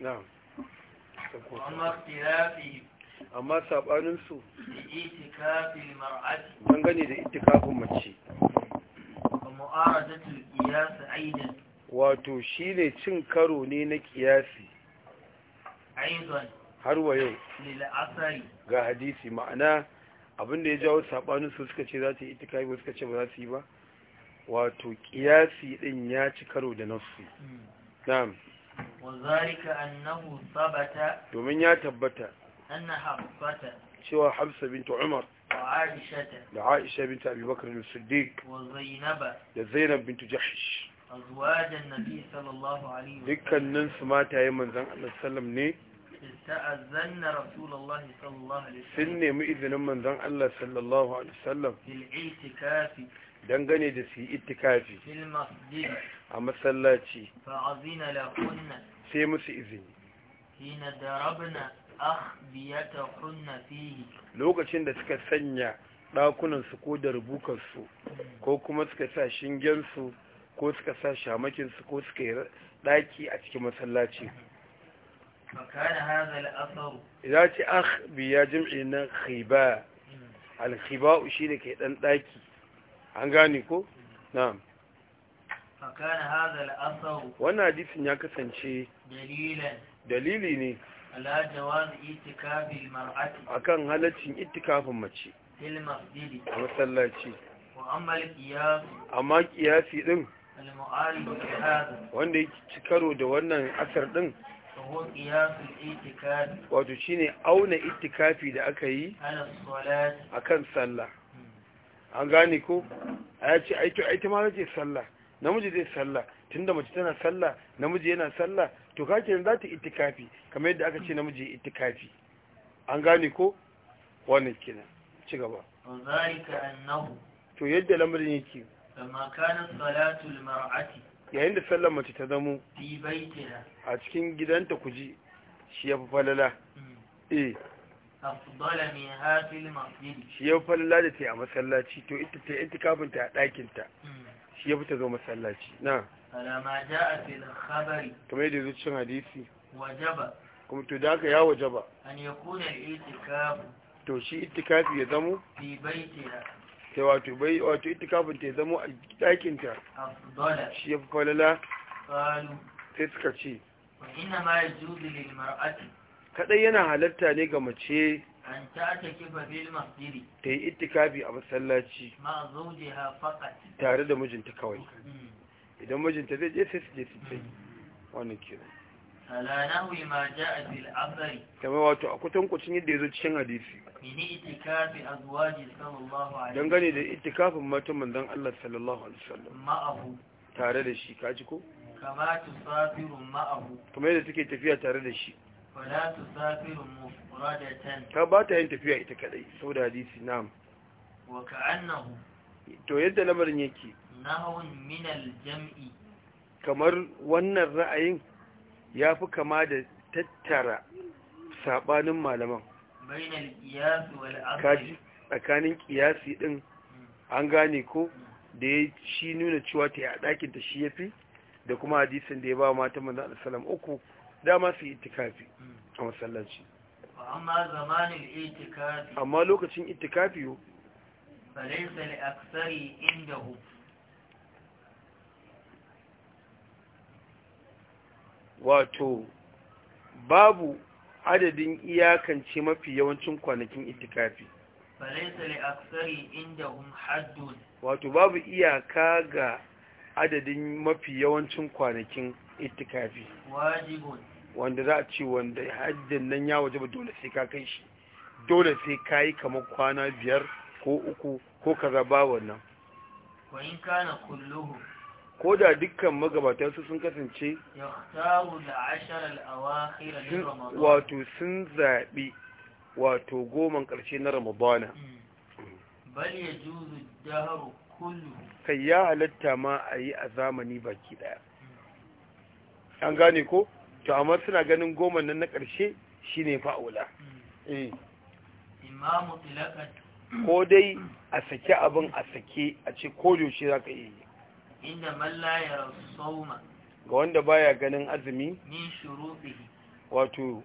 na'am amma khilafihim amma sabanin su itikafil mar'ati gane da itikafin mace mu'aradatul qiyas aidan wato shine cin karo ne na qiyasi aidan har wa yau ga hadisi ma'ana abinda ya jawo sabanin su suka ce za su yi itikafi suka ce ba za su yi ba wato qiyasi din ya ci karo da nafsi hmm. na'am domin ya tabbata cewa hafsa binta umar da aisha binta abubakar da siddiq da zainab binta jahish dukkanin su mataye manzan allah sallam ne استأذن رسول الله صلى الله عليه وسلم سنة مئذن من ذن a masallaci sai musu izini lokacin da suka sanya dakunan su ko da rubukansu ko kuma suka sa shingen su ko suka sa shamakin su ko suka yi daki a cikin masallaci biya هذا na khiba al بيا shi da ke ɗan ɗaki an gani ko? na'am wannan hadisin ya kasance dalili ne a kan halaccin itikafin mace a masallaci amma kiyasi din wanda yake ci karo da wannan asar din wato ne auna itikafi da aka yi a kan sallah an gane ko a ya ce aiki ma rage sallah namiji zai sallah tunda mace tana sallah namiji yana sallah to kake za ta itikafi kamar yadda aka ce namiji itikafi an gane ko wannan kenan ci gaba zalika annahu to yadda lamarin yake kama kana salatul mar'ati yayin da sallar mace ta zamo fi baitiha a cikin gidanta kuji shi yafi falala hmm. eh afdala min hafil masjid shi ya falala da ta yi a masallaci to ita ta intikafin ta a ɗakinta. ta hmm. shi ya fita zo masallaci na alama ja'a fil khabari kuma yadda zuci cikin hadisi wajaba kuma to da ka ya wajaba an yakuna al-i'tikafu to shi itikafi ya zamo fi baitiha sai wato bai wato itikafin ta ya zamo a dakin ta afdala shi ya falala qalu sai suka ce inna ma yajuzu lil mar'ati kadai yana halatta ne ga mace an tace kifa fil masjidi ta yi ittikafi a masallaci ma zawjiha faqat tare da mijinta kawai mm. idan mijinta zai je sai su je su ce mm. wannan kenan ala nahwi ma jaa fil athari kamar wato a kutankucin yadda yazo cikin hadisi mini ittikafi azwaji sallallahu alaihi dangane da ittikafin matan manzon Allah sallallahu alaihi wasallam ma'ahu tare da shi kaji ko kama tusafirun ma'ahu kamar yadda take tafiya tare da shi ta ba ta yin tafiya ita kadai sau da hadisi nam to yadda lamarin yake kamar wannan ra'ayin ya fi kama da tattara saɓanin malaman kaji tsakanin kiyasi ɗin hmm. an gane ko da ya shi nuna cewa ta yi a ɗakinta shi ya fi da kuma hadisin da ya ba wa mata manzan alisalam uku dama su yi itikafi a masallaci amma zamanin itikafi amma lokacin itikafi yo falaisa li aksari hu wato babu adadin iyakance mafi yawancin kwanakin itikafi falaisa li aksari hu haddun wato babu iyaka ga adadin mafi yawancin kwanakin itikafi wajibun wanda za a ce wanda hajjin nan ya waje ba dole sai ka kai shi dole sai ka yi kamar kwana biyar ko uku ko kaza ba wannan ko da dukkan magabatansu sun kasance wato sun zaɓi wato goman ƙarshe na ramadana mm. bal ya juzu daharu kullu kai ya halatta ma a yi a zamani baki ɗaya mm. an gane ko to amma suna ganin goma nan na ƙarshe ne fa'ula hmm. eh. ko dai a sake abin a sake a ce ko yaushe za ka yi inda mallayar sauma ga wanda baya ganin azumi min shurufi wato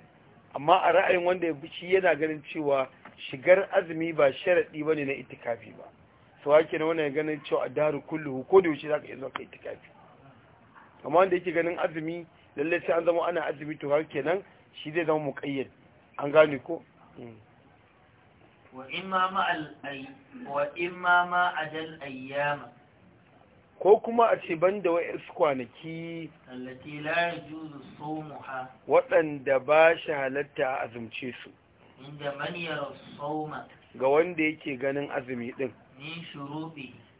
amma a ra'ayin wanda ya bici yana ganin cewa shigar azumi ba sharaɗi ba ne na itikafi ba su hake na ya ganin cewa a daru kullu ko da yaushe za ka yi zuwa ka itikafi amma wanda yake ganin azumi lalle sai an zama ana azumi to har kenan shi zai zama muqayyad an gane ko hmm. ma ko kuma a ce ban da su kwanaki waɗanda ba shi halatta a azumce su ga wanda yake ganin azumi ɗin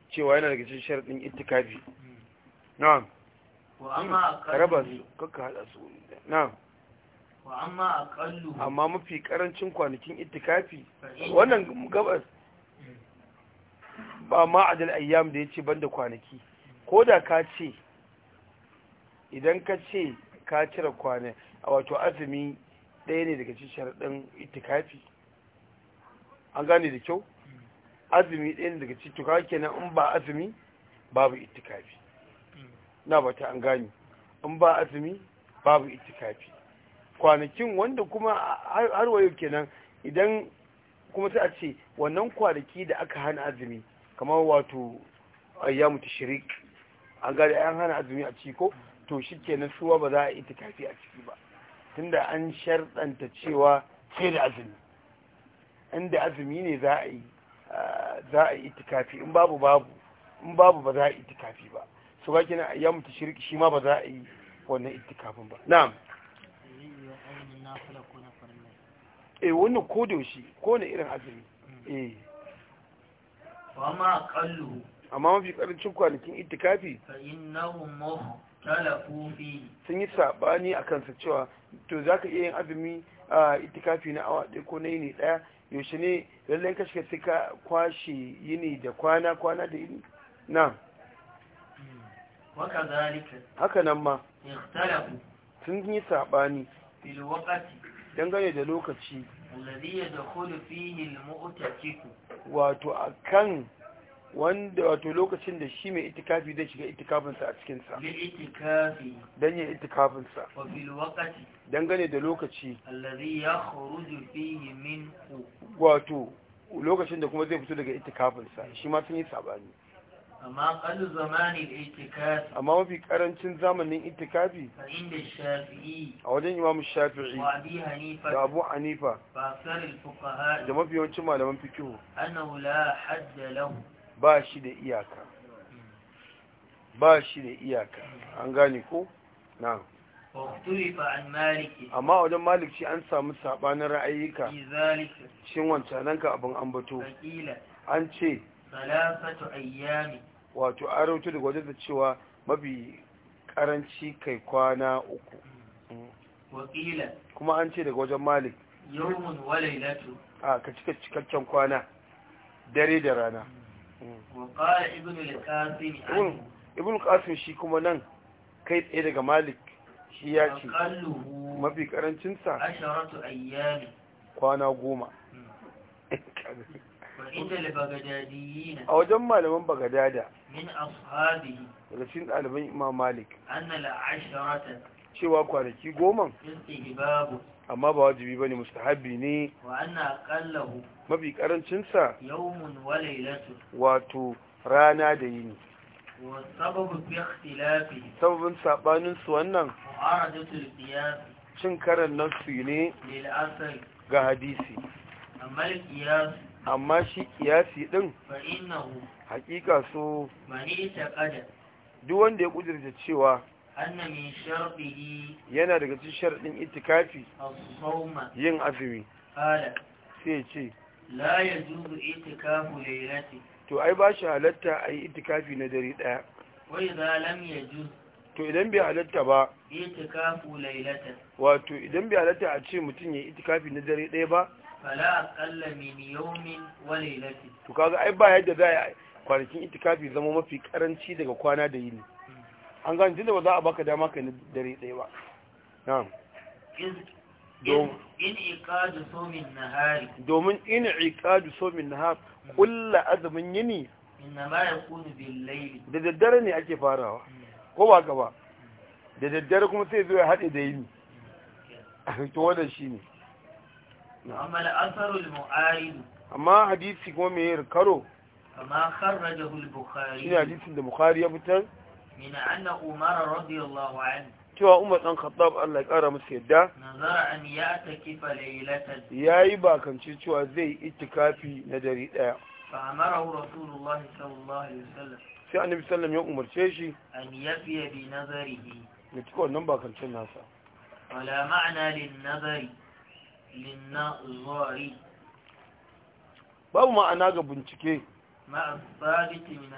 cewa yana daga cikin sharaɗin itikafi hmm. na'am raba su kakka haɗa su wani da na amma mafi ƙarancin kwanakin itikafi wannan gabas ba ma adal ayyam da ya ce banda kwanaki ko da ka ce idan ka ce ka cire kwanaki a wato azumi ɗaya ne daga cikin sharaɗin itikafi an gane da kyau hmm. azumi ɗaya ne daga cikin tukawa kenan in ba azumi babu itikafi na bata an gani in ba azumi babu itikafi kwanakin wanda kuma har wayo kenan idan kuma sai a ce wannan kwanaki da aka hana azumi kamar wato ayyamu tashrik an gari an hana azumi a ciki ko to shikenan suwa ba za a itikafi a ciki ba tunda an sharɗanta cewa sai da azumi inda azumi ne za a yi za a yi itikafi in babu babu in babu ba za a yi itikafi ba su ba kina mutu shirki shi ma ba za a yi wannan itikafin ba na'am eh wannan ko da ko ne irin azumi eh ma qallu amma mafi karancin kwanakin itikafi fa innahu muhtalafu fi sun yi sabani akan sa cewa to zaka iya yin azumi a itikafi na awa ɗaya ko na yini ɗaya yaushe ne lallai ka shiga sai ka kwashe yini da kwana kwana da yini na'am haka nan ma sun yi saɓani dangane da lokaci wato a kan wanda wato lokacin da shi mai itikafi zai shiga itikafinsa a cikinsa don yin itikafinsa dangane da lokaci wato lokacin da kuma zai fito daga itikafinsa shi ma sun yi saɓani. amma kalu zamanin itikafi amma mafi ƙarancin zamanin itikafi inda shafi'i a wajen imamu shafi'i da abu hanifa da mafi yawancin malaman fikihu annahu la hadda lahu ba shi da iyaka ba shi da iyaka an gane ko na'am amma wajen malik shi an samu sabanin ra'ayyuka cikin wancanan ka abin ambato an ce salasatu ayyami wato a rautu daga wajen da cewa mabi karanci kai kwana uku kuma an ce daga wajen malik yawon walailatu a ka cika cikakken kwana dare da rana ibn qasim shi kuma nan kai tsaye daga malik shi ya ce mafi karancinsa kwana goma hmm. inda da bagadadiyina a wajen malaman bagadada min ashabi daga cikin daliban imam malik anna la asharata cewa kwanaki goma amma ba wajibi ba ne mustahabi ne wa anna aqallahu mafi karancin sa yawmun wa laylatu wato rana da yini sababin sabanin su wannan cin karen nan su ne ga hadisi amma shi kiyasi din hakika so duk wanda ya kudurta cewa yana daga cikin sharɗin itikafi yin azumi sai ce la ya zuzu itikafu lailati to ai ba shi halatta a yi itikafi na dare ɗaya wai za lam ya juzu to idan bai halatta ba itikafu lailatan wato idan bai halatta a ce mutum ya itikafi na dare ɗaya ba fala aqalla min yawmin wa laylatin to kaga ai ba yadda za a kwanakin itikafi zama mafi karanci daga kwana da yini hmm. an gani tunda ba za a baka dama ka dare tsaye ba na'am in iqadu sawmin nahari domin in iqadu sawmin nahar kullu azumin yini innama yakunu bil layl da daddare ne ake farawa hmm. ko ba gaba da daddare kuma sai zo ya hade da yini hmm. to wannan shine amma al'asarul mu'ayin amma hadisi kuma mai karo kama kharrajahu al-bukhari shi hadisin da bukhari ya fitar min anna umar radiyallahu anhu cewa umar dan khattab Allah ya kara masa yadda nazara an ya'takifa laylatan yayi bakanci cewa zai itikafi na dare daya fa amarahu rasulullah sallallahu alaihi wasallam sai annabi sallam ya umarce shi an yafiya bi nazarihi ne tuko nan bakancin nasa wala ma'ana lin nazari babu ma'ana ga bincike min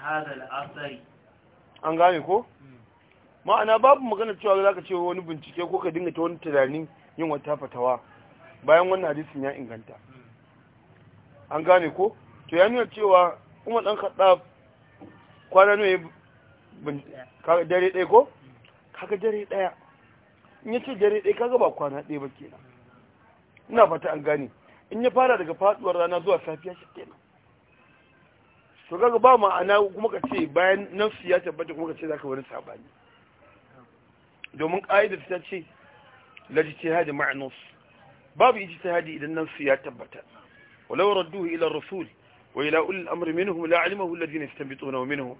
an gane ko ma'ana babu magana cewa za ka ce wani bincike ko ka dinga ta wani tunanin yin wata fatawa bayan wannan hadisin ya inganta an gane ko to ya nuna cewa kuma dan kadda kwana ne dare daya ko kaga dare daya in yace dare daya kaga ba kwana daya ba kenan ina fata an gani in ya fara daga faduwar rana zuwa safiya shi kenan to kaga ba ma'ana kuma ka ce bayan nafsi ya tabbata kuma ka ce zaka wani sabani domin ƙa'idar ta ce la ijtihad ma'a nafs babu ijtihadi idan nafsi ya tabbata walau radduhu ila rasul wa ila ulil amri minhum la alimahu alladhina yastanbituna minhum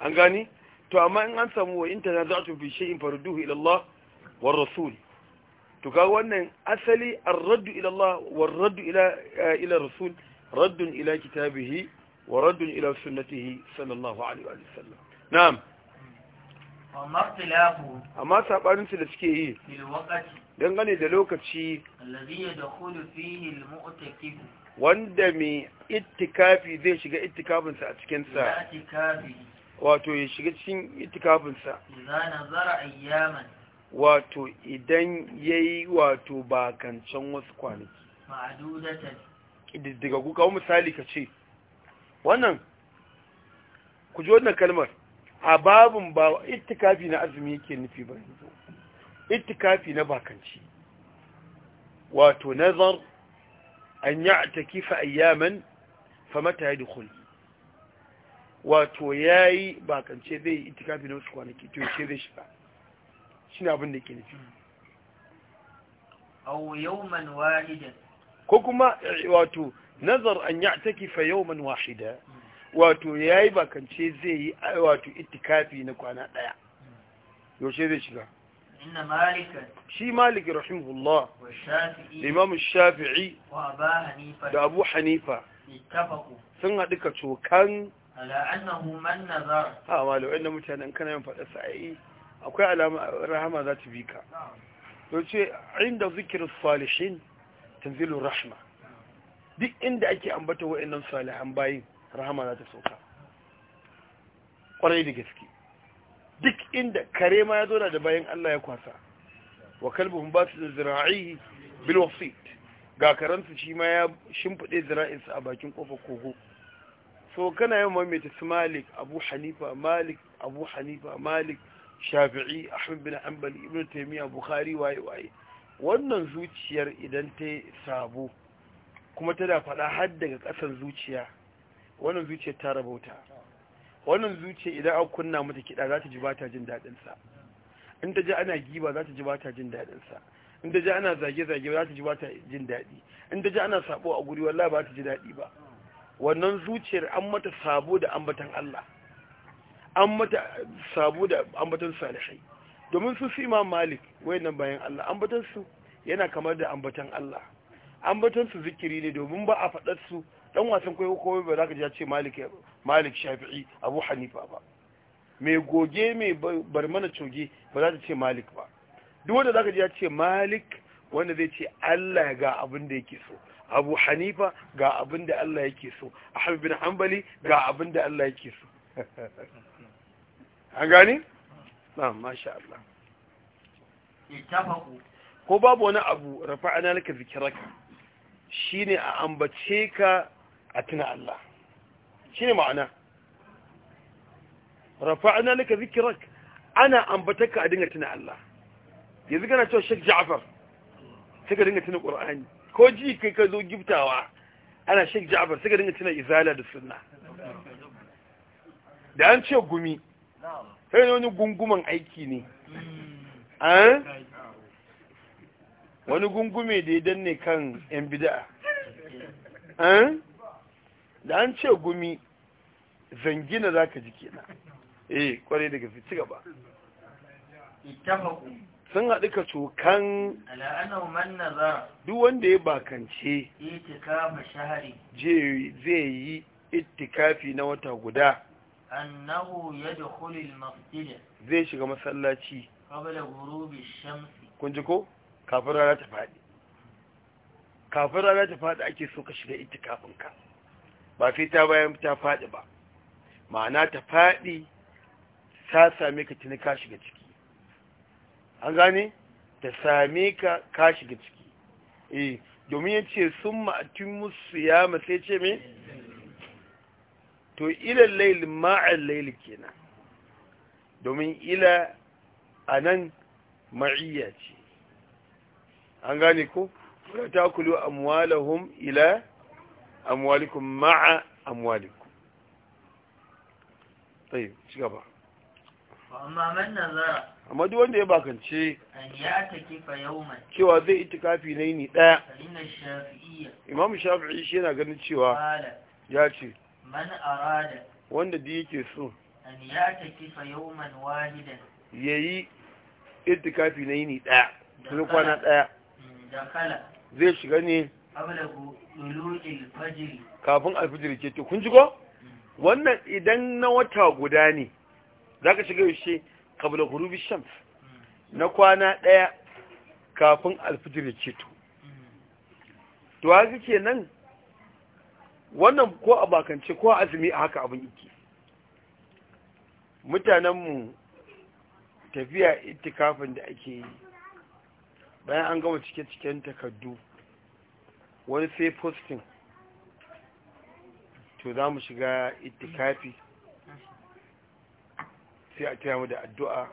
an gani to amma in an samu wa in tanaza'tum fi shay'in farudduhu ila Allah war rasul to wannan asali ar-raddu ila Allah wa raddu ila eh, ila rasul raddun ila kitabihi wa raddun ila sunnatihi sallallahu alaihi wa sallam na'am amma sabanin su da suke yi dangane da lokaci wanda mai ittikafi zai shiga ittikafinsa a cikinsa wato ya shiga cikin ayyaman. wato idan ya yi wato kancan wasu kwanaki daga kuka misali ka ce wannan ku ji wannan kalmar a babin ba itikafi na azumi yake nufi ba yanzu itikafi na bakanci wato nazar an ya takifa ayyaman famata ya dukuli wato ya yi bakance zai itikafi na wasu kwanaki to ya ce zai ba. shine abin da yake nufi aw yawman wahidan ko kuma eh, wato nazar an ya'takifa yawman wahida wato yayi bakance zai yi eh, wato ittikafi na kwana daya yaushe zai shiga inna malikan shi malik rahimahullah wa shafi'i imam shafi'i wa abu hanifa da abu hanifa ittafaqu sun hadu ka cokan ala annahu man nazar ha malu inna mutanen kana yin fada sa'i akwai alama rahama za ta bi ka ce inda zikir salihin tanzilu rahma duk inda ake ambata wa'annan salihan bayin rahama za ta sauka kwarai da gaske duk inda kare ma ya zauna da bayan Allah ya kwasa wa kalbuhum basu zira'ihi bil wasit ga karansu shi ma ya shimfide zira'insu a bakin kofar kogo so kana yawan maimaita su malik abu hanifa malik abu hanifa malik shafi'i ahmad bin hanbal ibn taymiya bukhari waye waye wannan zuciyar idan ta sabo kuma tana faɗa har daga kasan zuciya wannan zuciyar ta rabauta wannan zuciya idan aka kunna mata kiɗa za ta ji bata jin dadin sa in ta ji ana giba za ta ji bata jin dadin sa in ta ji ana zage-zage za ta ji bata jin daɗi in ta ji ana sabo a guri wallahi ba ta ji daɗi ba wannan zuciyar an mata sabo da ambatan Allah an mata sabu da ambaton salihai domin su su imam malik wayannan bayan Allah ambaton su yana kamar da ambaton Allah ambaton su zikiri ne domin ba a faɗar su dan wasan kwaikwayo kowai ba za ka ji ce malik malik shafi'i abu hanifa ba mai goge mai barmana coge ba za ta ce malik ba duk wanda za ka ji ya ce malik wanda zai ce Allah ga abin da yake so abu hanifa ga abin da Allah yake so ahmad bin hanbali ga abin da Allah yake so an gani? na masha Allah ko babu wani abu rafa ana laka zikiraka shi ne a ambace ka a tuna Allah shi ne ma'ana rafa ana laka zikiraka ana ambata ka a dinga tuna Allah yanzu kana cewa shek ja'afar sai ka dinga tuna ƙura'ani ko ji kai ka zo giftawa ana shek ja'afar sai ka dinga tuna izala da sunna da an ce gumi sai ne wani gunguman aiki ne hmm. eh? wani gungume da ya danne kan yan bida'a eh. eh? da an ce gumi zangina za ka ji kenan eh kwarai daga fi gaba sun haɗu ka cokan duk wanda ya bakance zai yi itikafi na wata guda annahu yadkhulu al-masjid zai shiga masallaci qabla ghurubi ash-shams kun ji ko kafin rana ta fadi kafin rana ta fadi ake so ka shiga itikafin ka ba sai ta bayan ta fadi ba ma'ana ta fadi ta same ka tuni ka shiga ciki an gane ta same ka ka shiga ciki eh domin yace summa atimmu siyama sai ce me to ila laili ma'al laili kenan domin ila a nan ma'iyya ce an gane ko wala kulu amwalahum ila amwalikum ma'a amwalikum tayyib ci gaba amma man nazara amma duk wanda ya bakance cewa zai itikafi na yini daya imam shafi'i shi yana ganin cewa ya ce man arada wanda da yake so an ya fa yawman wahidan yayi itikafi na yini daya tun kwana daya mm, kala. zai shiga ne ablagu ulul fajr kafin alfijir ke to kun ji ko mm. wannan idan na wata guda ne zaka shiga yaushe kabla ghurubi shams mm. na kwana daya kafin alfijir ke to to haka kenan wannan ko a bakance ko a azumi a haka abin yake mutanenmu tafiya itikafin da ake yi bayan an gama cike-ciken takardu wani sai fostin to za mu shiga itikafi sai a kira mu da addu'a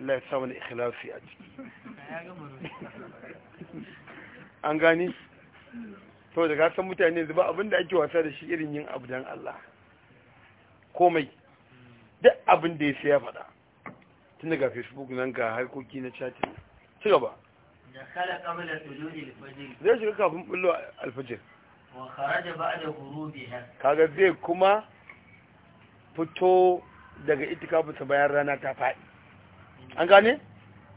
Allah ya samu da ikhlasi a ciki an gani to da san mutane zuba abin da ake wasa da shi irin yin abu don Allah komai duk abin da ya sai ya faɗa tun daga facebook nan ga harkoki na chatin ci gaba da kala kamala tujuri alfajir zai shiga kafin bullo alfajir wa kharaja ba'da ghurubiha kaga zai kuma fito daga itikafinsa bayan rana ta faɗi an gane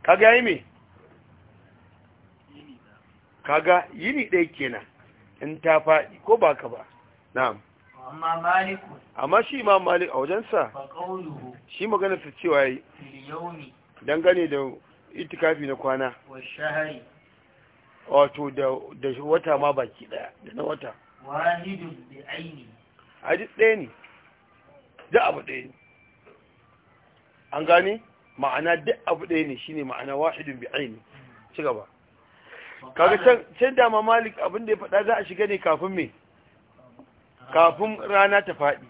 kaga yi me kaga yini ɗaya kenan in ta faɗi ko ba ka ba na'am amma maliku amma shi imam malik a wajensa shi magana su cewa yi dangane da itikafi na kwana wato da wata ma baki daya da na wata wahidun bi aini hadis ɗaya ne da abu ɗaya ne an gane ma'ana duk abu ɗaya ne shine ma'ana wahidun bi aini ci gaba kaga can can dama malik abin da ya fada za a shiga ne kafin me kafin rana ta fadi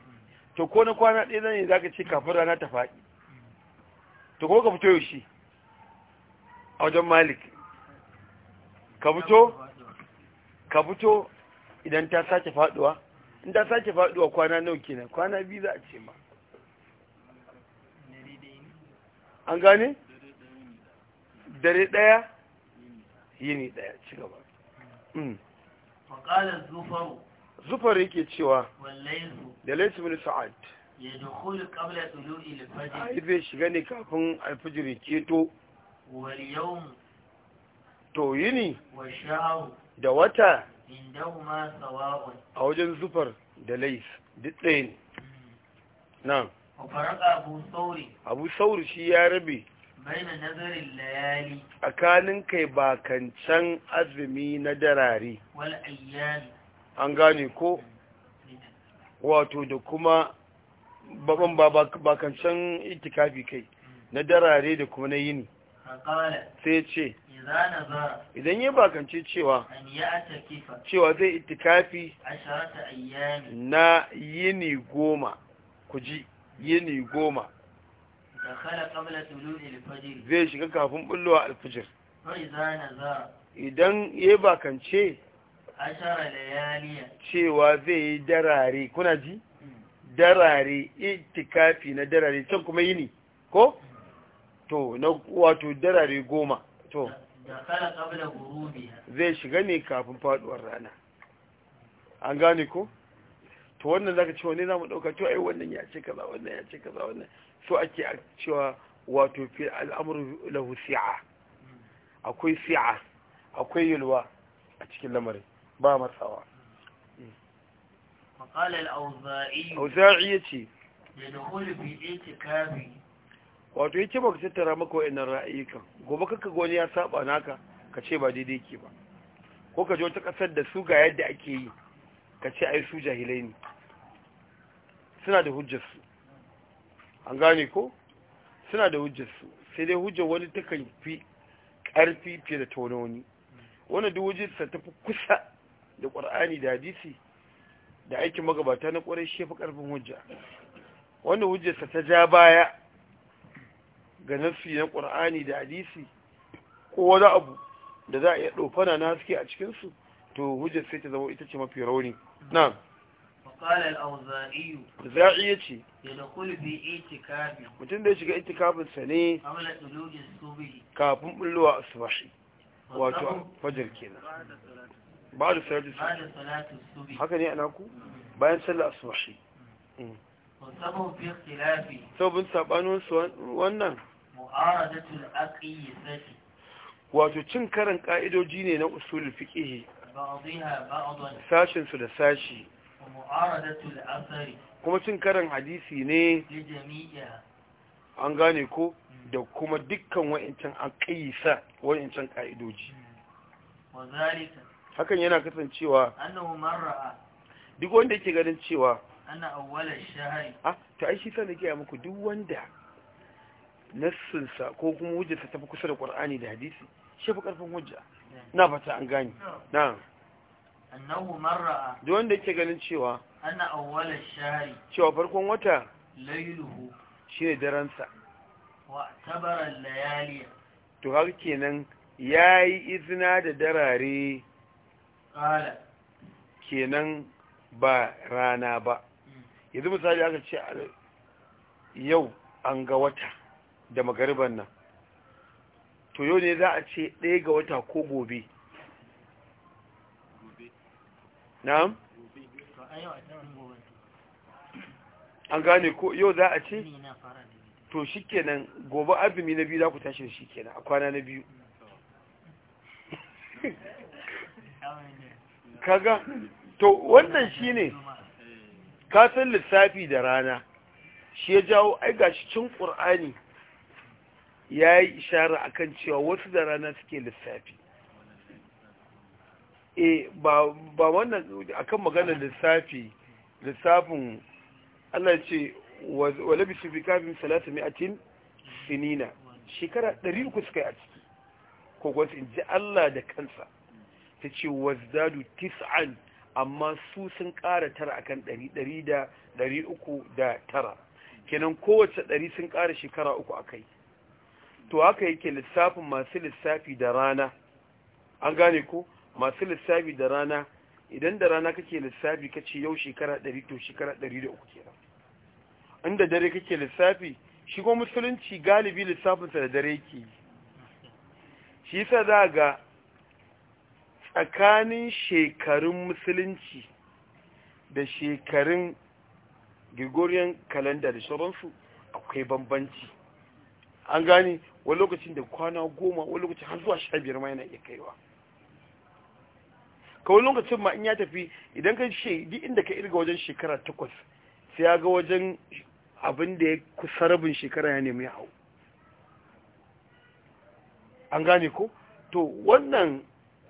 to ko na kwana ɗaya zan yi zaka ce kafin rana ta fadi to ko ka fito yaushe a wajen malik ka fito ka fito idan ta sake faduwa in ta sake faduwa kwana nawa kenan kwana biyu za a ce ma an gane dare daya. yini daya ci gaba mm. faƙalar zufaru zufar yake cewa da laisu min sa'ad ya dukulu kabla tulu'i alfajr ai zai shiga ne kafin alfajr keto wal yawm to yini wa sha'u da wata indahuma sawa'un a wajen zufar da lais duk ɗaya ne mm. na'am abu sauri abu sauri shi ya rabe tsakanin kai bakancan azumi na darare an gane ko wato da kuma baban bakancan itikafi kai na darare da kuma na yini sai ce idan yi bakance cewa cewa zai itikafi na yini goma ku ji yini goma zai shiga kafin bullowa alfijir idan ya bakance cewa zai yi darare kuna ji hmm. darare itikafi na darare can kuma yi yini ko hmm. to na wato darare goma to zai shiga ne kafin faduwar rana an gane ko to wannan zaka ce wanne zamu dauka to ai wannan ya ce kaza wannan ya ce kaza wannan so ake cewa wato fi al'amru lahu si'a akwai si'a akwai yulwa a cikin lamarin ba matsawa فقال الأوزاعي أوزاعي يتي لدخول في اعتكافي wato yake baka tattara maka wayannan ra'ayikan gobe kaka wani ya saba naka ka ce ba daidai ke ba ko ka je wata kasar da su ga yadda ake yi ka ce ai su jahilai ne suna da hujjarsu an gane ko suna da hujjarsu sai dai hujjar wani ta kan fi ƙarfi fiye da tauna wani wani duk hujjarsa ta fi kusa da ƙwar'ani da hadisi da aikin magabata na ƙwarai shi fi ƙarfin hujja wanda hujjarsa ta ja baya ga nasu na ƙwar'ani da hadisi ko wani abu da za a iya ɗofana na haske a cikinsu to hujjar sai ta zama ita ce mafi rauni na قال الأوزائي أوزائي يتي يدخل mutum da shiga itikafin sa ne kafin a asbahi wato fajar kenan ba da salatu subhi haka ne ana ku bayan sallar a sabon fi ikhtilafi wannan wato cin karin ka'idoji ne na usulul fiqh ba'dha su da sashi kuma cin karin hadisi ne an gane ko hmm. da kuma dukkan wa'incan an kayyisa wa'incan ka'idoji hmm. hakan yana kasancewa duk wanda yake ganin cewa ana awwalar shahari to ai shi sa da ya muku duk wanda nassinsa ko kuma wujinsa ta fi kusa da ƙwar'ani da hadisi shafi ƙarfin karfin hujja hmm. na fata an gane na annahu marra duk wanda yake ganin cewa anna awwala shahri cewa farkon wata lailuhu shine daren sa wa tabara layali to har kenan yayi izina da darare qala kenan ba rana ba yanzu misali aka ce yau an ga wata da magariban nan to yau ne za a ce ɗaya ga wata ko gobe na'am an gane ko yau za a ce to shikenan gobe azumi na biyu za ku tashi shikenan a kwana na biyu kaga to wannan shine kasan lissafi da rana shi ya jawo ai gashi cin ya yayi ishara akan cewa wasu da rana suke lissafi e ba wannan akan maganar lissafi lissafin Allah ce wa labisu fi kafin salatu mi'atin sinina shekara 300 suka yi a ciki kogon su in ji Allah da kansa ta ce wazdadu tis'an amma su sun kara tara akan 100 da 309 kenan kowace 100 sun kara shekara uku akai to haka yake lissafin masu lissafi da rana an gane ko masu lissafi da rana idan da rana kake lissafi kace yau shekara 100 to shekara 103 kenan inda dare kake lissafi shi kuma musulunci galibi lissafinsa da dare yake shi yasa za ga tsakanin shekarun musulunci da shekarun gregorian calendar da sauransu akwai bambanci an gani wani lokacin da kwana goma wani lokacin har zuwa sha biyar ma yana iya kaiwa kawai lokacin ma in ya tafi idan ka ce duk inda ka irga wajen shekara takwas sai ya ga wajen abin da ya kusa rabin shekara ya nemi hau an gane ko to wannan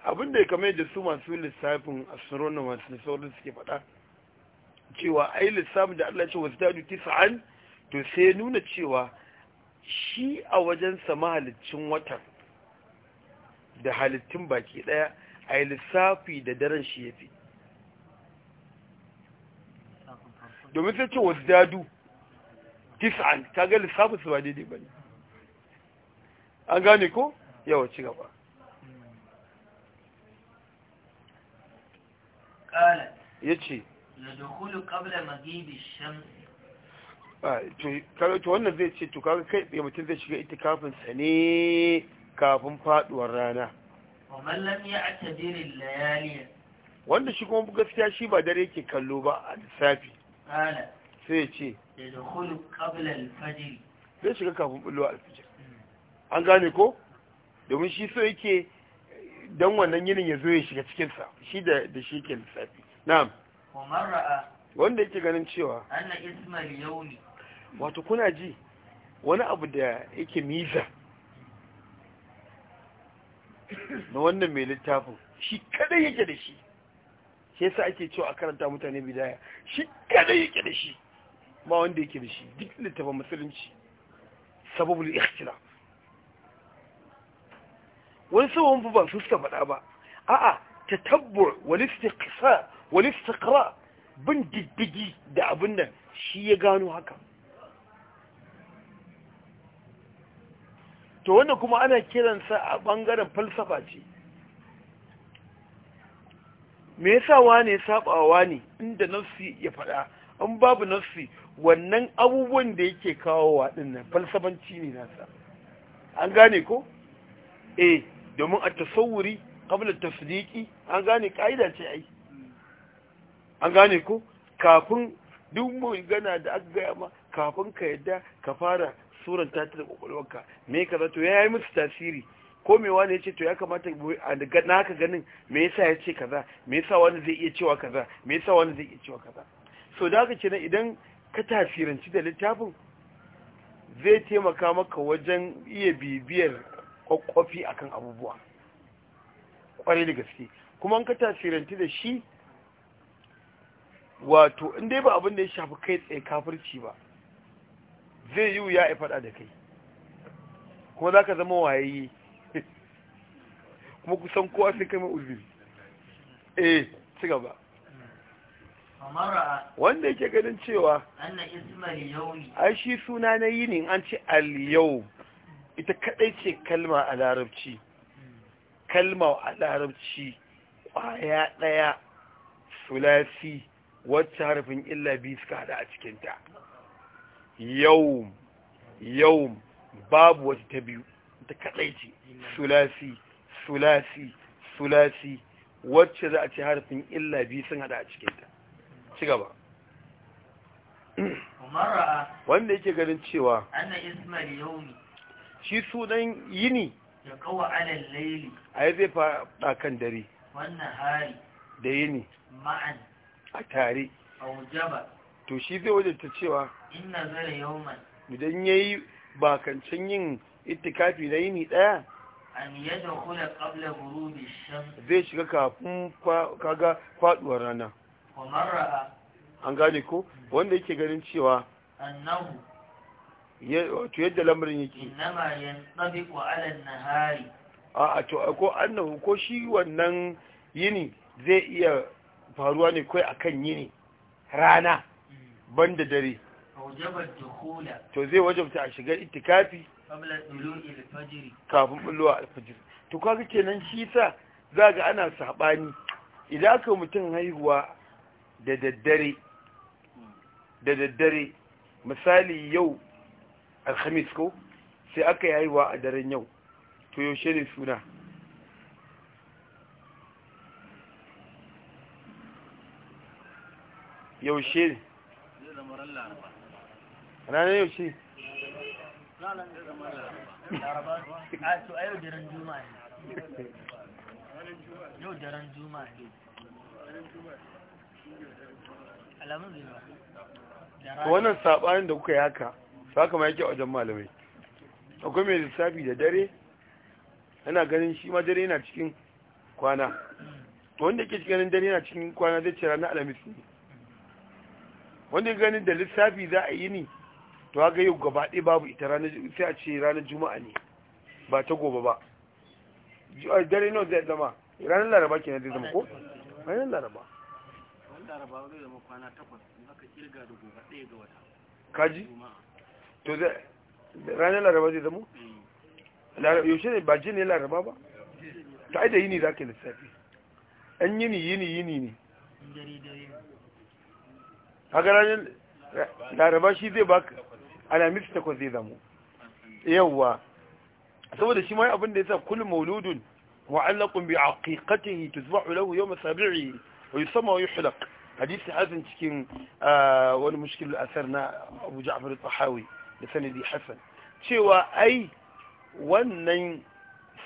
abin da ya kama da su masu lissafin astronomers da saurin suke fada cewa ai lissafin da Allah ce wasu taju tisa'an to sai nuna cewa shi a wajen sama halittun watan da halittun baki daya. a yi lissafi da daren shi ya fi domin sai ce wasu dadu tis'an ta ga lissafi su ba daidai ba ne an gane ko yawa ci gaba ya ce to wannan zai ce to kai mutum zai shiga ita kafin ne kafin faduwar rana wanda shi kuma gaskiya shi ba dare yake kallo ba a lissafi sai ya ce zai shiga kafin a alfijir an gane ko domin shi so yake don wannan yinin ya zo ya shiga cikinsa shi da shi ke lissafi na'am wanda yake ganin cewa wato kuna ji wani abu da yake miza na wannan mai littafin shi kadai yake da shi shi yasa ake cewa a karanta mutane bidaya shi kadai yake da shi ma wanda yake da shi duk littafin musulunci sababul ikhtilaf wani sabon ba su suka faɗa ba a'a tatabbur wal istiqsa wani istiqra bin diddigi da abin nan shi ya gano haka to wanda kuma ana kiransa a ɓangaren falsafa ce me yasa wane sabawa ne inda nafsi ya faɗa an babu nafsi wannan abubuwan da yake kawo wa nan falsafanci ne nasa an gane ko eh domin a tasawuri qabla tasdiqi an gane kaida ce ai an gane ko kafin duk mu gana da aka gaya ma kafin ka yadda ka fara suran ta da kwakwalwarka me ka zato ya yi musu tasiri ko me wani ya ce to ya kamata na naka ganin me yasa ya ce kaza me yasa wani zai iya cewa kaza me yasa wani zai iya cewa kaza so da haka kenan idan ka tasiranci da littafin zai taimaka maka wajen iya bibiyar kwakwafi akan abubuwa kwarai da gaske kuma an ka tasiranci da shi wato in dai ba abin da ya shafi kai tsaye kafirci ba zai yi ya ya faɗa da kai kuma za ka zama wayayi kuma kusan kowa sai kai ma'uzi eh ci gaba wanda yake ganin cewa an shi suna na yi ne an ce yau, ita kadai ce kalma a larabci kalma a larabci kwaya daya sulasi wacce harfin illa biyu suka hada a cikinta Yau yau babu wata ta biyu ta kadai ce sulasi sulasi sulasi wacce za a ce harfin illa biyu sun hada a cikinta ci gaba wanda yake ganin cewa ana ismal yawmi shi sunan yini ya kawo alal laili a yi zai faɗa kan dare wannan hari da yini ma'an a tare a wujaba to shi zai wajenta cewa inna zara yawman idan yayi bakancan yin itikafi na yini daya an yadkhula qabla ghurubi shams zai shiga kafin kaga faduwar rana kamar an gane ko wanda yake ganin cewa annahu wato yadda lamarin yake innama yantabiqu ala na hari. a to ko annahu ko shi wannan yini zai iya faruwa ne kai akan yini rana ban da dare to zai wajabta a shigar itikafi kafin bullowa alfajir to kake kenan shi sa ga ana saɓani idan aka mutum haihuwa da daddare da daddare misali yau alhamis ko sai aka yi haihuwa a daren yau to yaushe ne suna yaushe ne ranar yau shi yau daren juma'a ne wannan saɓanin da kuka yi haka saka ma yake wajen malamai akwai mai lissafi da dare yana ganin shi ma dare yana cikin kwana mm. wanda ke cikin dare yana cikin kwana zai cira na alamis ne wanda ganin da lissafi za a yi ni to ga yau gaba babu ita ranar sai a ce ranar juma'a ne ba ta gobe ba dare nawa zai zama ranar laraba kenan zai zama ko ranar laraba laraba zai zama kwana takwas kirga da gobe ɗaya ga wata kaji to ranar laraba zai zama eh. yaushe ne ba jini laraba ba ta aida yini za ka lissafi an yini yini yini ne haka ranar laraba shi zai baka alamis takwas zai zamu yawwa saboda shi ma abinda ya sa kullum mauludun معلق بعقيقته تذبح له يوم سابعه ويسمى hulak hadisi hasan cikin ah, wani mushkil asar na Abu ja'afar tsahawi da sanadi hasan cewa ai wannan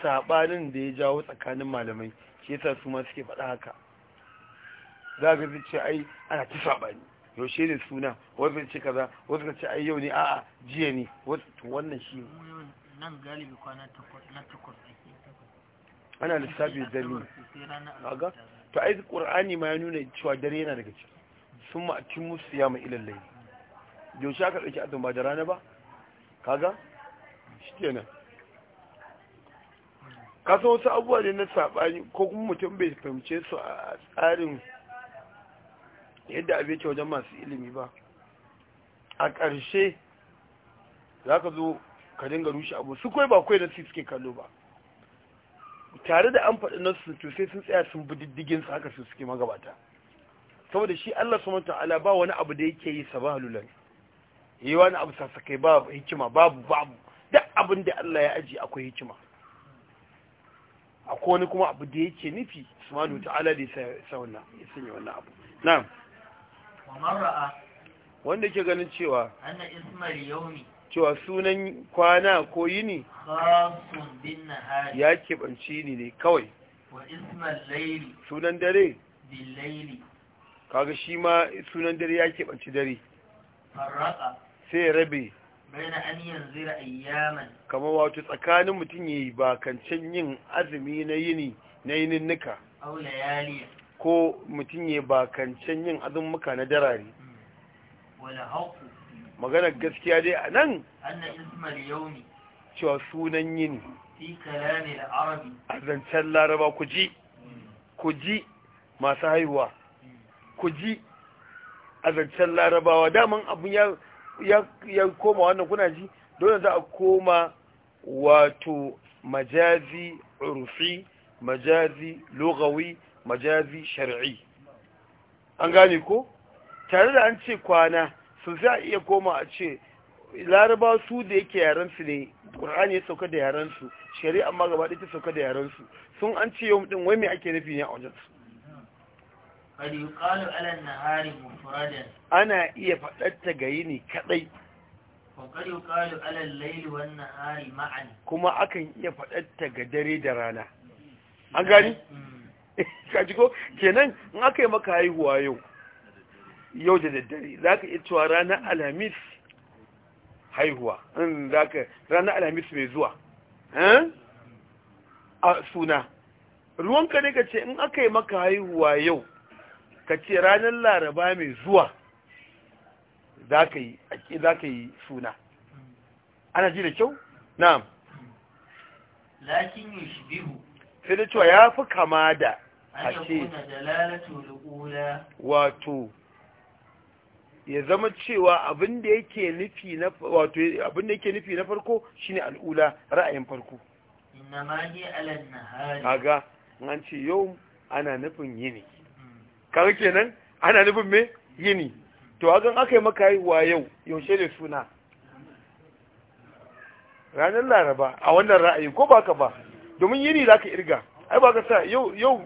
sabanin da ya jawo tsakanin malamai shi yasa su ma suke faɗa haka zaka ji ce ai ana ta sabani yaushe ne suna wajen ce kaza wajen ka ce ai yau ne a'a jiya ne wannan shi ne nan galibi kwana takwas ana lissafi da ni kaga to ai qur'ani ma ya nuna cewa dare yana daga ciki sun ma akin musu ya ma ilal layl yaushe aka dauki azumi ba da rana ba kaga shikenan ka san wasu abubuwa ne na sabani ko kuma mutum bai fahimce su a tsarin yadda abu yake wajen masu ilimi ba a ƙarshe za ka zo ka dinga rushe abu su kai ba da su suke kallo ba tare da an faɗi nasu to sai sun tsaya sun bi diddigin su haka su suke magabata saboda shi Allah subhanahu ta'ala ba wani abu da yake yi lail yi wani abu sasakai ba hikima babu babu duk abin da Allah ya aji akwai hikima akwai wani kuma abu da yake nufi subhanahu ta'ala da ya sa wannan ya sanya wannan abu na'am wanda ke ganin cewa cewa sunan kwana ko yini ya keɓanci ni ne kawai sunan dare kaga shi ma sunan dare ya keɓanci dare sai ya rabe kamar wato tsakanin mutum ya yi bakancan yin azumi na yini na nika ko mutum ya bakancan yin azummuka na darare maganar gaskiya dai a nan cewa sunan yin a zancen laraba ku ji ku ji masu haihuwa ku ji a zancen larabawa daman abin ya koma wannan kuna ji dole za a koma wato majazi rufi majazi logawi majazi shar'i an gane ko tare da an ce kwana sun za a iya koma a ce laraba su da yake yarensu ne ƙur'ani ya sauka da yarensu shari'a ma gaba ɗaya ta sauka da yarensu sun an ce yau ɗin wai mai ake nufi ne a wajen su ana iya faɗar ta ga yini kaɗai kuma akan iya faɗar ta ga dare da rana an gani mm. Kajiko, ko kenan in aka yi maka haihuwa yau yau da daddare za ka iya cewa ranar alhamis haihuwa in za ka ranar alhamis mai zuwa eh? a suna ruwanka ne ka ce in aka yi maka haihuwa yau ka ce ranar laraba mai zuwa za ka yi suna ana ji da kyau? na'am lakin yi shi bihu sai da cewa ya fi kama da hashe wato ya zama cewa abin da yake nufi na wato abin da yake nufi na farko shine al'ula ra'ayin farko kaga an ce yau ana nufin yini kaga kenan ana nufin me yini to hakan aka yi maka haihuwa yau yaushe ne suna ranar laraba a wannan ra'ayi, ko baka ba domin yini za ka irga ai ba ka sa yau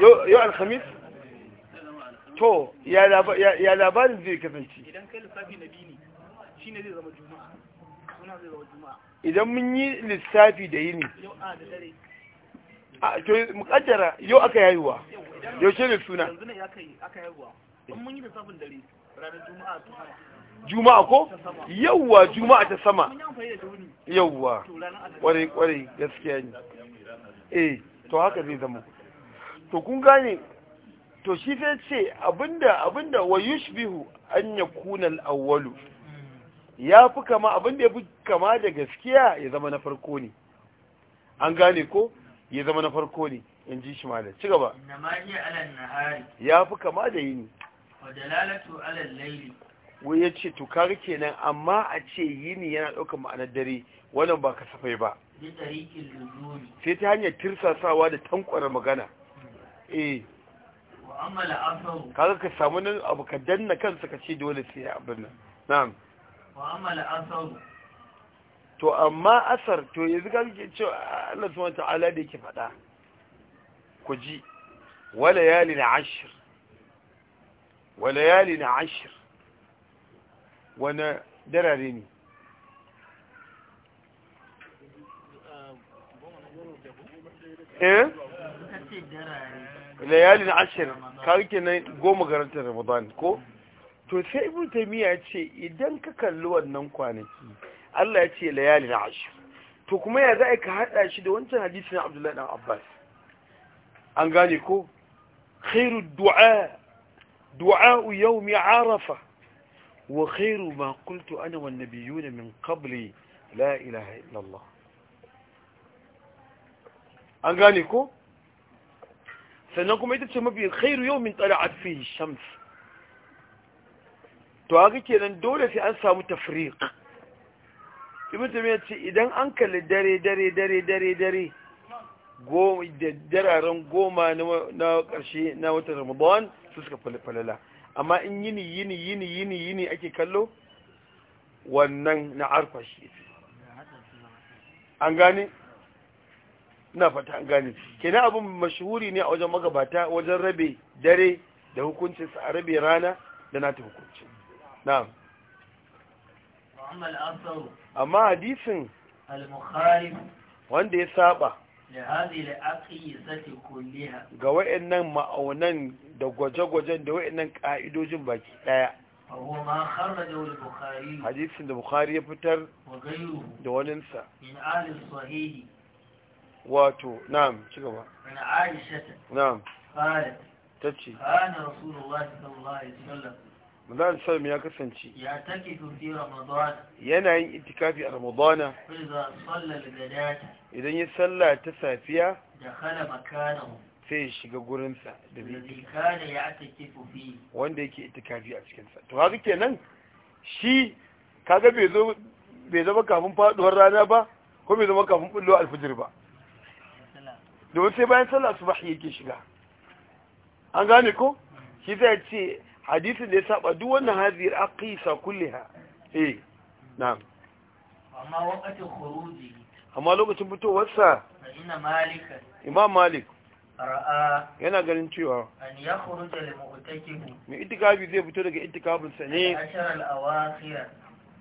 yau alhamis to ya labarin zai kasance idan kai lissafi na dini shi ne zai zama juma'a idan mun yi lissafi da yini a da dare a yau aka yayuwa yau ce ne suna juma'a juma'a ko yauwa juma'a ta sama yauwa kwarai kwarai gaskiya ne eh to haka zai zama to kun gane to shi sai ce abinda abinda wa yushbihu an yakuna al-awwalu ya fi kama abinda ya fi kama da gaskiya ya zama na farko ne an gane ko ya zama na farko ne in ji shi malam ci gaba ya fi kama da yini wai ya ce kare kenan amma a ce yini yana ɗaukar ma'anar dare wannan ba kasafai ba sai ta hanyar tirsasawa da tankwara magana eh kaga ka samu nan abu ka danna kansa ka ce dole sai abin nan na'am to amma asar to yanzu ka ke cewa Allah subhanahu ta'ala da yake fada ku ji wala yali na ashir wala yali na ashir wani darare ne eh layalin ashir kawai goma garantar ramadan ko to sai ibn taymiya ce idan ka kalli wannan kwanaki Allah ya ce layalin ashir to kuma ya za ka hada shi da wancan hadisi na Abdullahi dan Abbas an gane ko khairu du'a du'a yawmi arafa wa khairu ma qultu ana wan nabiyyun min qabli la ilaha illa Allah an gane ko sannan kuma ita ce mafi khairu yau min tsara fi shams to haka kenan dole sai an samu tafriq ibn tamiya ce idan an kalli dare dare dare dare dare da dararen goma na karshe na watan ramadan su suka falala amma in yini yini yini yini yini ake kallo wannan na arfa shi an gane ina fata an gane kenan abin mashuhuri ne a wajen magabata wajen rabe dare da hukuncin sa a rabe rana da nata hukunci na'am amma hadisin wanda ya saba ga wa'annan ma'aunan da gwaje-gwajen da wa'annan ka'idojin baki daya hadisin da وغيره ya fitar da waninsa wato na'am ci gaba na'am ta ce ana rasulullahi sallallahu alaihi wasallam manzan sallam ya kasance ya take fi ramadan yana yin itikafi a ramadana idan ya salla ta safiya da kala makana sai ya shiga gurinsa da zai ya take fi wanda yake itikafi a cikinsa to haka kenan shi kaga bai zo bai zama kafin faduwar rana ba ko bai zama kafin bullo alfijir ba domin sai bayan sallah bahi yake shiga an gane ko shi zai ce hadisin da ya saba duk wannan haziyar aqisa kulliha eh na'am amma wakati khuruji amma lokacin fitowar sa ina malik imam malik ra'a yana ganin cewa an yakhruj li mu'takibu mai itikafi zai fito daga itikafin sa ne asharal awakhir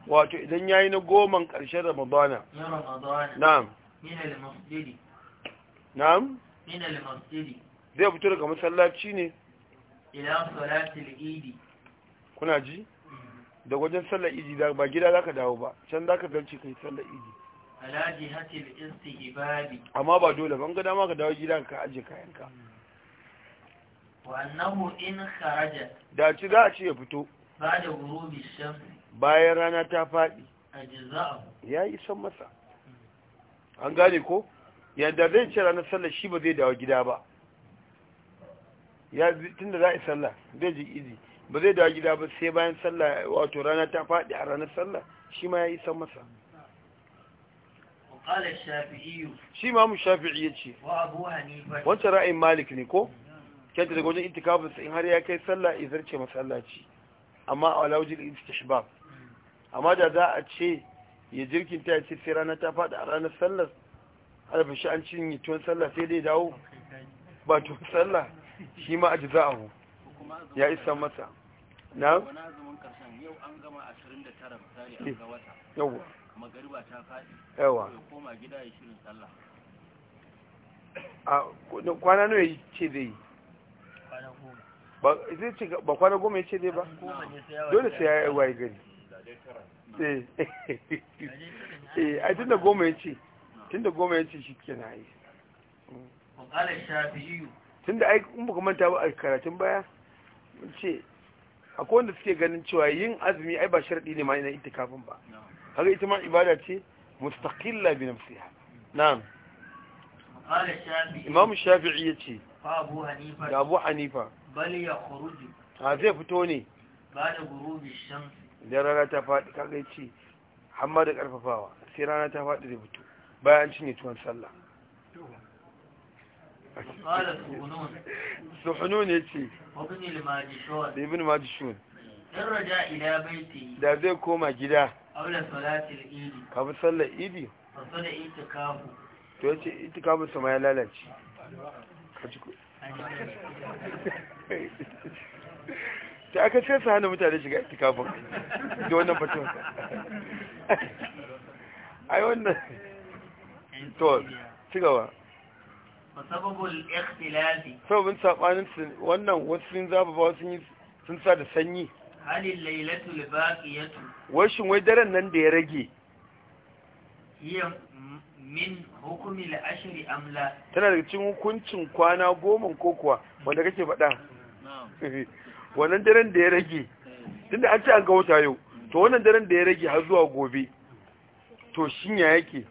wato idan yayi na goman karshen ramadana na'am min al-masjidi na'am minal masjidi zai fito daga masallaci ne ila salatul idi kuna ji mm-hmm. da wajen sallar idi da ba gida zaka dawo ba can zaka ganci kai sallar idi ala jihatil istihbabi amma ba dole ban ga dama ka dawo gida ka aje kayanka wa annahu in kharaja da ci za a ce ya fito Bada da ghurubi bayan rana ta fadi ajza'u yayi san masa an gane ko yadda zai ce ranar sallah shi ba zai dawo gida ba ya tun da za a yi sallah zai ji izi ba zai dawo gida ba sai bayan sallah wato rana ta faɗi a ranar sallah shi ma ya san masa shi ma mu shafi'i ya ce wancan ra'ayin malik ne ko kyanta daga wajen itikafinsa in har ya kai sallah zarce masallaci amma a ita istishbab amma da za a ce ya ta ya ce sai rana ta faɗi a ranar sallah alfin shi an cinye tuwon sallah sai dai dawo ba tuwon sallah shi ma aji za a ya isa masa na? yawa yawa a kwana nawa ya ce zai ba kwana goma ya ce zai ba dole sai ya yi gari eh a tun da goma ya ce tunda goma ya ce shi ke na yi tunda aiki kuma baka manta ba a karatun baya mun ce akwai wanda suke ganin cewa yin azumi ai ba sharadi ne ma ita kafin ba haka ita ma ibada ce mustaqilla bi nafsiha na'am imam shafi'i ya ce hanifa abu hanifa bal ya khuruju zai fito ne ba da gurubi shams da rana ta faɗi kaga ce hamma da karfafawa sai rana ta faɗi zai fito bayan cinye tuwon sallah hannu ne ce da ibn majishun da zai koma gida kafin sallar idi to yace kafin sama ya lalace ta aka ce su hannu mutane shiga ita kafin da wannan batun ai wannan to ci gaba saɓanin wannan wasu sun zaba ba wasu sun sa da sanyi halin lailatu libaqiyatu washin wai daren nan da ya rage hiya min hukumi al-ashri amla tana daga cikin hukuncin kwana goma ko kuwa wanda kake faɗa wannan daren da ya rage tunda an ci an ga wata yau to wannan daren da ya rage har zuwa gobe to shin ya yake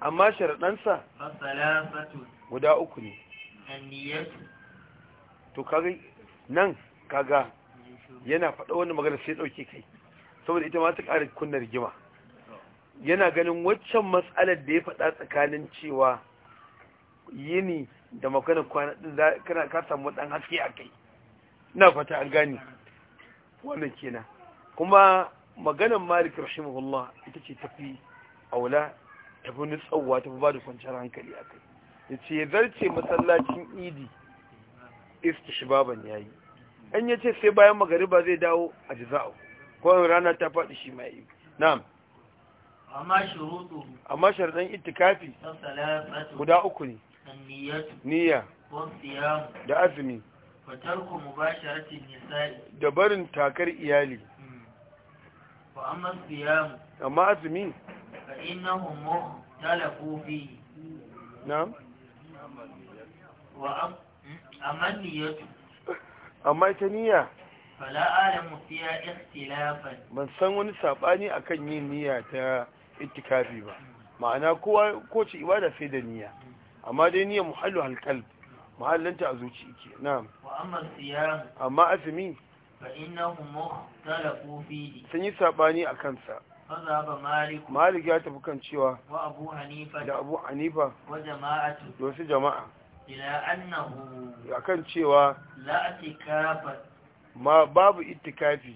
amma sharaɗansa guda uku ne to kaga nan kaga yana faɗa wani magana sai ɗauke kai saboda ita ma ta ƙara kunnar rigima yana ganin waccan matsalar da ya faɗa tsakanin cewa yini da magana kwana ɗin kana ka samu ɗan haske a kai ina fata an gane wannan kenan kuma maganan malik rahimahullah ita ce tafi aula tafi fi nutsawa tafi ba da kwanciyar hankali a kai ya ce ya zarce masallacin idi baban ya yi an ya ce sai bayan magariba zai dawo a jiza'u kawai rana ta faɗi shi mai yi na'am amma sharaɗin itikafi guda uku ne niyya da azumi da barin takar iyali hmm. amma azumi فإنهم مختلفوا فيه نعم وأما النية أما النية فلا أعلم فيها اختلافا من سنوني ساباني أكن yin niyya ta ittikafi ba ma'ana kowa ko ce ibada sai da niyya amma dai niyya muhallu halqalb mahallanta a zuci yake na'am wa amma siyam amma azumi fa innahu mukhtalafu fihi sun yi sabani akan sa malik ya tafi kan cewa da abu hanifa da wasu jama'a a kan cewa ma babu itikafi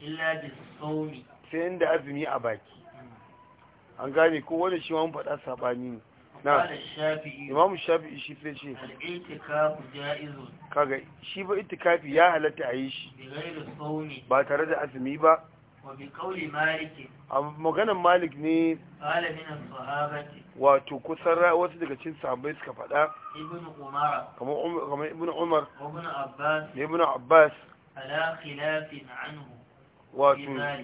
sai inda azumi a baki an gane ko wanda shi ma mun faɗa saɓani ne na imamu shafi'i shi sai ce kaga shi ba itikafi ya halatta a yi shi ba tare da azumi ba a malik ne wato kusan wasu daga cin sahabai suka faɗa kamar ibn umar da ibn abbas wato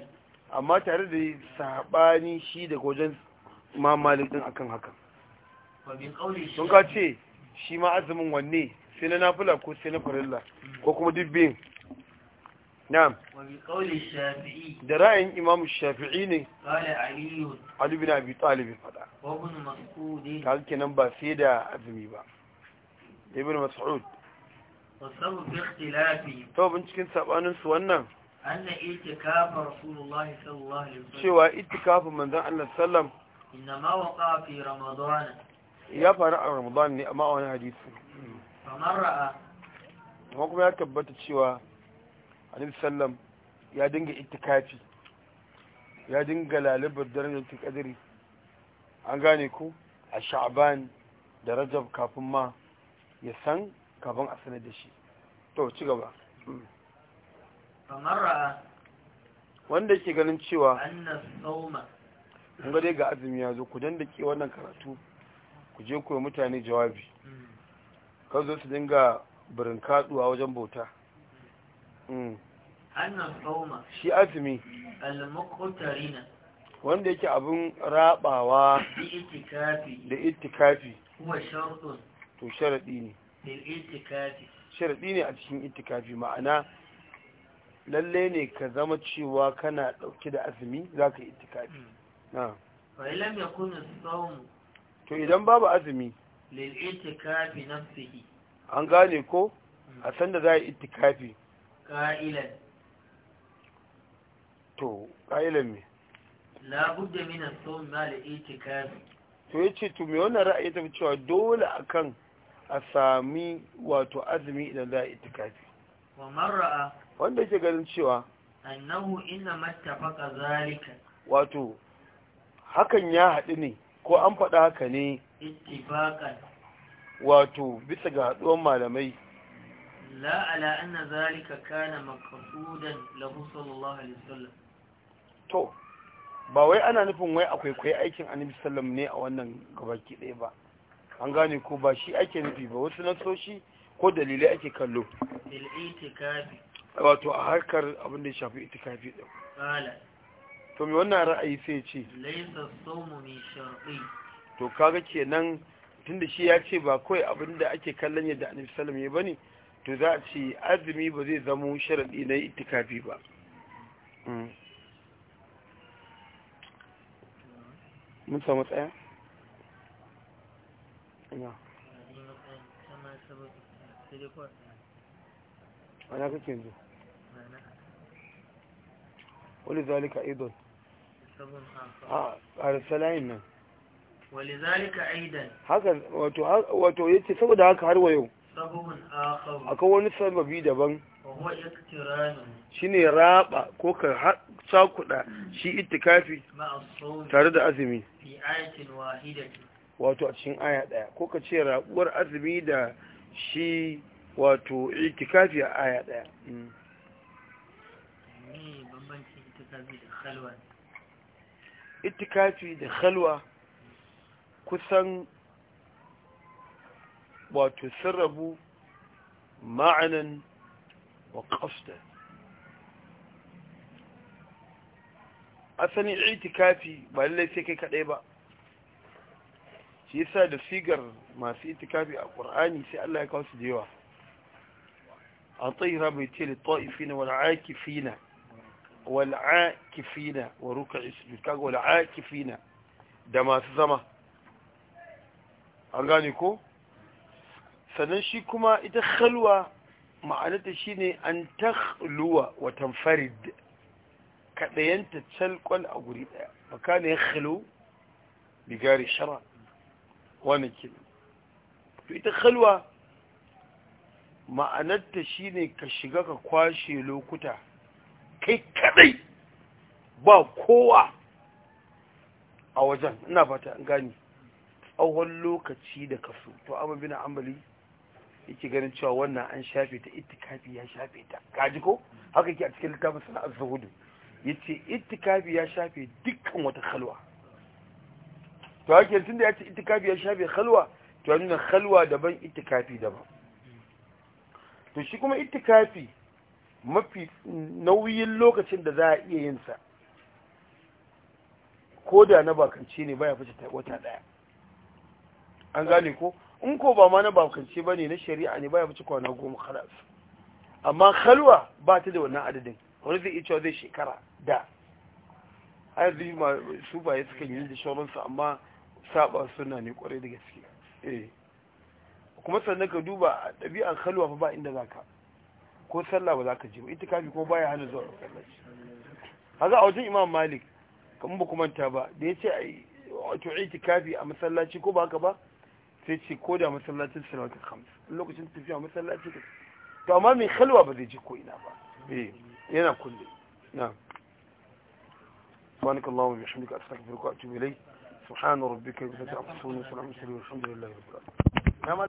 amma tare da sahabani shi daga wajen ma malik din akan haka sun ka ce shi ma azumin wanne sai na nafula ko sai na farilla ko kuma dubbin نعم وبقول الشافعي درائن إمام الشافعي قال علي علي بن أبي طالب فدا وابن مسعود قال كنن با سيدا أزمي با ابن مسعود والسبب باختلافي تو binciken sabanin su wannan anna itikafa rasulullahi sallallahu alaihi wasallam cewa itikafin manzon Allah sallam inma waqa fi ramadan ya a ramadan ne amma wani hadisi kamar ra'a kuma ya tabbata cewa annabi sallam ya dinga itikafi ya dinga lalibar daren kadiri an gane ko a sha'ban da rajab kafin ma ya san kafin a sanar da shi to ci gaba wanda ke ganin cewa kun ga ga azumi ya zo ku dan da ke wannan karatu ku je ku mutane jawabi hmm. kan zo su dinga birin kaduwa wajen bauta hmm. shi azumi wanda yake abin rabawa da itikafi to sharaɗi ne sharaɗi ne a cikin itikafi ma'ana lalle ne ka zama cewa kana ɗauke da azumi za ka itikafi na to idan babu azumi an gane ko a sanda za a yi itikafi Ka'ilan. to ƙa'ilan La labudda minas sun mala itikafi to yace to me wannan ra'ayi ta cewa dole akan a sami wato azumi idan za a itikafi wa marra wanda yake ganin cewa annahu inna mattafaqa zalika wato hakan ya haɗu ne ko an faɗa haka ne ittifaqan wato bisa ga haɗuwar malamai la ala anna zalika kana maqsudan lahu sallallahu alaihi wasallam to ba wai ana nufin wai akwai kwai aikin annabi sallam ne a wannan gabaki ɗaya ba an gane ko ba shi ake nufi ba wasu nasoshi ko dalilai ake kallo wato a harkar abin da ya shafi itikafi ɗin to me wannan ra'ayi sai ce to kaga kenan da shi ya ce ba kawai abin da ake kallon yadda annabi sallam ya bane to za a ce azumi ba zai zamo sharadi na itikafi ba hmm. mun samu tsaya? ina ana kake wani zalika idon a ƙarisalayin ولذلك ايضا wato ya ce saboda haka har wa yau wani sababi daban shine raba ko ka cakuɗa shi itikafi tare da azumi wato a cikin aya ɗaya ko ka ce rabuwar azumi da shi wato itikafi a aya ɗaya hmm. itikafi da khalwa kusan wato sun rabu ma'anan wa kasta. asalin itikafi ba lallai sai kai kadai ba shi yasa da sigar masu itikafi a qur'ani sai Allah ya kawo su da yawa atayra bai ce li ta'ifina wal aakifina wal aakifina wa ruk'i sujud kaga wal aakifina da masu zama an gane ko sannan shi kuma ita khalwa ma'anata shine an takhluwa wa tanfarid kaɗayanta calƙwal a guri ɗaya baka ne ya khalo bigari shara wani kilo to ita khalwa ma'anarta shine ka shiga ka kwashe lokuta kai kaɗai. ba kowa a wajen ina fata an gani tsawon lokaci da kaso to amma bina ambali yake ganin cewa wannan an shafe ta itikafi ya shafe ta kaji ko haka yake a cikin littafin sana'ar zuhudu yace ittikafi ya shafe dukkan wata khalwa to haka tunda yace ittikafi ya shafe khalwa to ya nuna khalwa daban itikafi daban to shi kuma itikafi mafi nauyin lokacin da za a iya yin sa ko da na bakance ne baya fice wata daya an gane ko in ko ba ma na bakance bane na shari'a ne baya fice kwana goma khalas amma khalwa ba ta da wannan adadin wani zai iya zai shekara da har zai ma su baye suka yi da shauransu amma saba suna ne kwarai da gaske eh kuma sannan ka duba a ɗabi'an halwa fa ba inda za ka ko sallah ba za ka je ba ita kafi ko baya hana zuwa masallaci haza a wajen imam malik kan ba kuma ta ba da ya ce a yi wato itikafi a masallaci ko ba haka ba sai ce ko da masallacin salawatul khams lokacin tafiya masallaci to amma mai khalwa ba zai je ko ina ba eh yana kulle na سبحانك اللهم وبحمدك استغفرك واتوب اليك سبحان ربك رب العزه عما يصفون وسلام على المرسلين والحمد لله رب العالمين